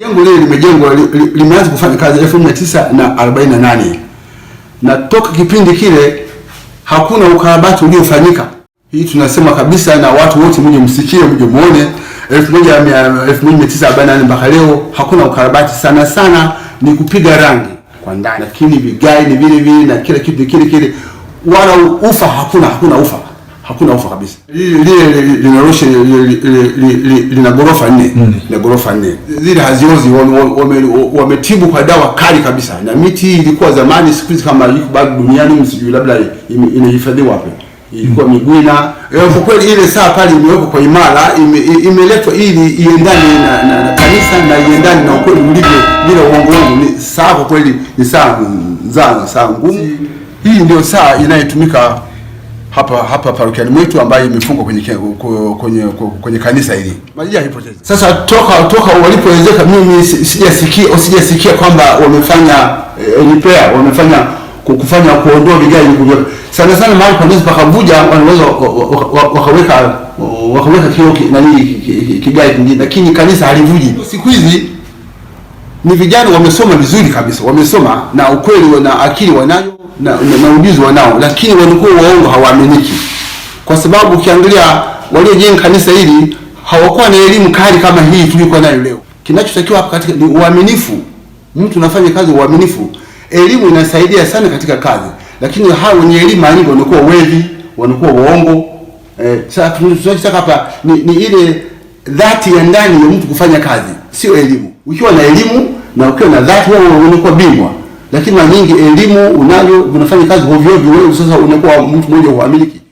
Jengo lile limejengwa limeanza kufanya kazi 1948 na toka kipindi kile hakuna ukarabati uliofanyika. Hii tunasema kabisa, na watu wote mje msikie, mje muone, 1948 mpaka leo hakuna ukarabati. Sana sana ni kupiga rangi kwa ndani, lakini vigae ni vile vile na kila kitu kile kile, wala ufa hakuna, hakuna ufa hakuna ofa kabisa. Lile linarusha lina gorofa nne mm. na gorofa nne zile haziozi, wametibu kwa dawa kali kabisa, na miti ilikuwa zamani, siku hizi kama iko bado duniani, msijui labda inahifadhiwa wapi, ilikuwa mm. migwina. Eh, kwa kweli ile saa pale imewekwa kwa imara, imeletwa ili iendane na kanisa na iendane na ukweli ulivyo, bila uongo. wangu. Ni Saa kwa kweli ni saa nzana, saa ngumu, hii ndio saa inayotumika hapa hapa parokiani mwetu ambayo imefungwa kwenye kwenye kwenye kanisa hili. Majia haipotezi. Sasa toka toka walipoezeka, mimi sijasikia sijasikia kwamba wamefanya e, repair wamefanya kufanya kuondoa vigae hivi. Sana sana mahali nini pakavuja, wanaweza wakaweka wakaweka kioo nani kigae kingine, lakini kanisa halivuji siku hizi ni vijana wamesoma vizuri kabisa, wamesoma na ukweli na akili wanayo na, na, na ujuzi wanao, lakini walikuwa waongo, hawaaminiki kwa sababu ukiangalia waliojenga kanisa hili hawakuwa na elimu kali kama hii tulikuwa nayo leo. Kinachotakiwa hapa katika ni uaminifu. Mtu anafanya kazi uaminifu. Elimu inasaidia sana katika kazi, lakini hao wenye elimu mara nyingi wanakuwa wevi, wanakuwa waongo. Eh, sasa tunachotaka hapa ni, ni ile dhati ya ndani ya mtu kufanya kazi, sio elimu. Ukiwa na elimu na ukiwa na dhati, wewe unakuwa bingwa. Lakini mara nyingi elimu unayo, unafanya kazi hovyo hovyo, wewe sasa unakuwa mtu mmoja amiliki.